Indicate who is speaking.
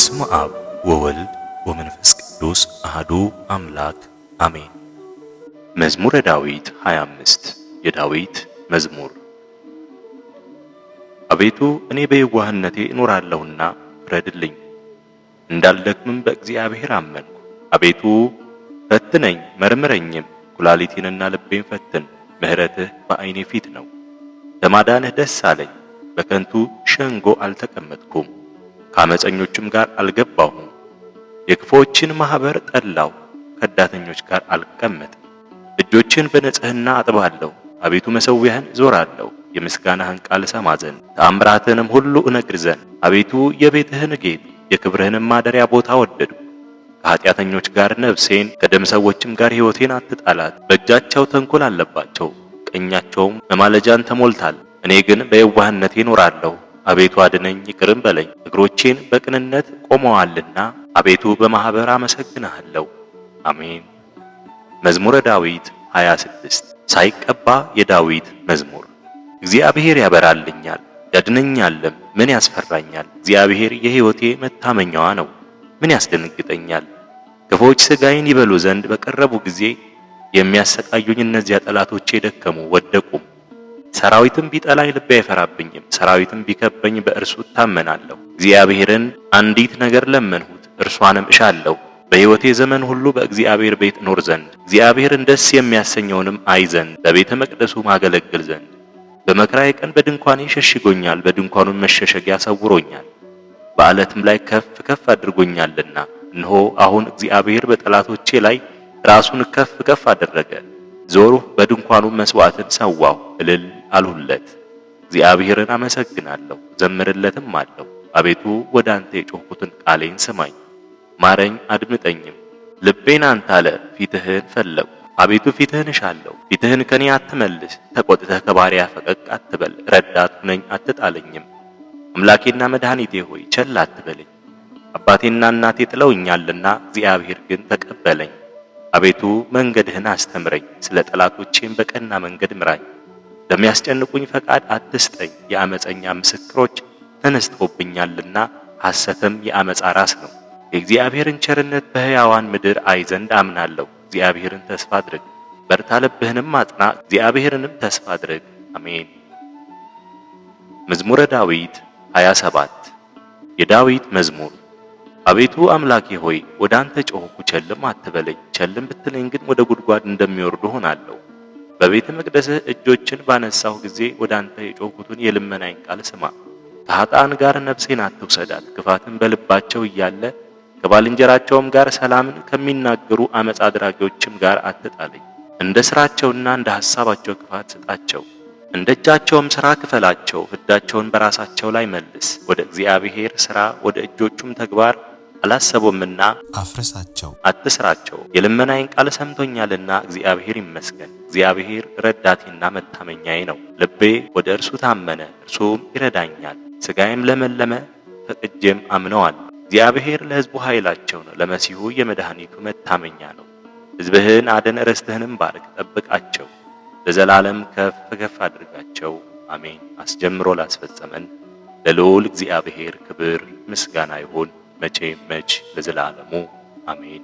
Speaker 1: በስመ አብ ወወልድ ወመንፈስ ቅዱስ አህዱ አምላክ አሜን።
Speaker 2: መዝሙረ ዳዊት 25 የዳዊት መዝሙር አቤቱ እኔ በየዋህነቴ እኖራለሁና ፍረድልኝ፣ እንዳልደክምም በእግዚአብሔር አመንኩ። አቤቱ ፈትነኝ፣ መርምረኝም፣ ኩላሊቴንና ልቤን ፈትን። ምሕረትህ በዓይኔ ፊት ነው፣ ለማዳንህ ደስ አለኝ። በከንቱ ሸንጎ አልተቀመጥኩም። ከአመፀኞቹም ጋር አልገባሁም። የክፎችን ማህበር ጠላው፣ ከዳተኞች ጋር አልቀመጥም። እጆችን በንጽህና አጥባለሁ፣ አቤቱ መሠዊያህን ዞራለሁ፣ የምስጋናህን ቃል ሰማ ዘንድ ተአምራትህንም ሁሉ እነግር ዘንድ። አቤቱ የቤትህን ጌጥ የክብርህንም ማደሪያ ቦታ ወደዱ። ከኃጢአተኞች ጋር ነፍሴን ከደም ሰዎችም ጋር ሕይወቴን አትጣላት። በእጃቸው ተንኮል አለባቸው፣ ቀኛቸውም መማለጃን ተሞልታል። እኔ ግን በየዋህነቴ እኖራለሁ አቤቱ አድነኝ ይቅርም በለኝ እግሮቼን በቅንነት ቆመዋልና፣ አቤቱ በማኅበር አመሰግንሃለሁ። አሜን። መዝሙረ ዳዊት 26 ሳይቀባ የዳዊት መዝሙር እግዚአብሔር ያበራልኛል ያድነኛልም፣ ምን ያስፈራኛል? እግዚአብሔር የሕይወቴ መታመኛዋ ነው፣ ምን ያስደነግጠኛል? ክፎች ሥጋዬን ይበሉ ዘንድ በቀረቡ ጊዜ የሚያሰቃዩኝ እነዚያ ጠላቶቼ ደከሙ ወደቁም። ሰራዊትም ቢጠላኝ ልቤ አይፈራብኝም፣ ሰራዊትም ቢከበኝ በእርሱ እታመናለሁ። እግዚአብሔርን አንዲት ነገር ለመንሁት፣ እርሷንም እሻለሁ፣ በሕይወቴ ዘመን ሁሉ በእግዚአብሔር ቤት እኖር ዘንድ፣ እግዚአብሔርን ደስ የሚያሰኘውንም አይ ዘንድ፣ በቤተ መቅደሱ ማገለግል ዘንድ። በመከራዬ ቀን በድንኳኔ ሸሽጎኛል፣ በድንኳኑም መሸሸጊያ ሰውሮኛል፣ በዓለትም ላይ ከፍ ከፍ አድርጎኛልና። እነሆ አሁን እግዚአብሔር በጠላቶቼ ላይ ራሱን ከፍ ከፍ አደረገ። ዞሩ በድንኳኑ መስዋዕትን ሰዋሁ እልል አልሁለት። እግዚአብሔርን አመሰግናለሁ ዘምርለትም አለሁ። አቤቱ ወደ አንተ የጮኽኩትን ቃሌን ስማኝ፣ ማረኝ አድምጠኝም። ልቤን አንተ አለ ፊትህን ፈለጉ። አቤቱ ፊትህን እሻለሁ፣ ፊትህን ከኔ አትመልስ። ተቆጥተህ ከባሪያ ፈቀቅ አትበል፣ ረዳት ሁነኝ አትጣለኝም። አምላኬና መድኃኒቴ ሆይ ቸል አትበለኝ። አባቴና እናቴ ጥለውኛልና እግዚአብሔር ግን ተቀበለኝ። አቤቱ መንገድህን አስተምረኝ፣ ስለ ጠላቶቼም በቀና መንገድ ምራኝ። ለሚያስጨንቁኝ ፈቃድ አትስጠኝ፣ የአመፀኛ ምስክሮች ተነስተውብኛልና ሐሰትም የአመፃ ራስ ነው። የእግዚአብሔርን ቸርነት በሕያዋን ምድር አይ ዘንድ አምናለሁ። እግዚአብሔርን ተስፋ አድርግ፣ በርታ፣ ልብህንም አጽና፣ እግዚአብሔርንም ተስፋ አድርግ። አሜን። መዝሙረ ዳዊት 27 የዳዊት መዝሙር አቤቱ አምላኬ ሆይ ወደ አንተ ጮኽኩ፣ ቸልም አትበለኝ። ቸልም ብትለኝ ግን ወደ ጉድጓድ እንደሚወርዱ ሆናለሁ። በቤተ መቅደስህ እጆችን ባነሳሁ ጊዜ ወደ አንተ የጮኩትን የልመናይን ቃል ስማ። ከኃጥአን ጋር ነፍሴን አትውሰዳት። ክፋትን በልባቸው እያለ ከባልንጀራቸውም ጋር ሰላምን ከሚናገሩ አመፅ አድራጊዎችም ጋር አትጣለኝ። እንደ ስራቸውና እንደ ሐሳባቸው ክፋት ስጣቸው፣ እንደ እጃቸውም ስራ ክፈላቸው። ፍዳቸውን በራሳቸው ላይ መልስ። ወደ እግዚአብሔር ስራ ወደ እጆቹም ተግባር አላሰቡምና አፍርሳቸው፣ አትስራቸው። የልመናዬን ቃል ሰምቶኛልና እግዚአብሔር ይመስገን። እግዚአብሔር ረዳቴና መታመኛዬ ነው። ልቤ ወደ እርሱ ታመነ፣ እርሱም ይረዳኛል። ሥጋዬም ለመለመ፣ ተቅጄም አምነዋል። እግዚአብሔር ለሕዝቡ ኃይላቸው ነው፣ ለመሲሁ የመድኃኒቱ መታመኛ ነው። ሕዝብህን አደን ርስትህንም ባርክ፣ ጠብቃቸው፣ ለዘላለም ከፍ ከፍ አድርጋቸው። አሜን። አስጀምሮ ላስፈጸመን ለልዑል እግዚአብሔር ክብር ምስጋና ይሁን። መቼም መች ለዘላለሙ አሜን።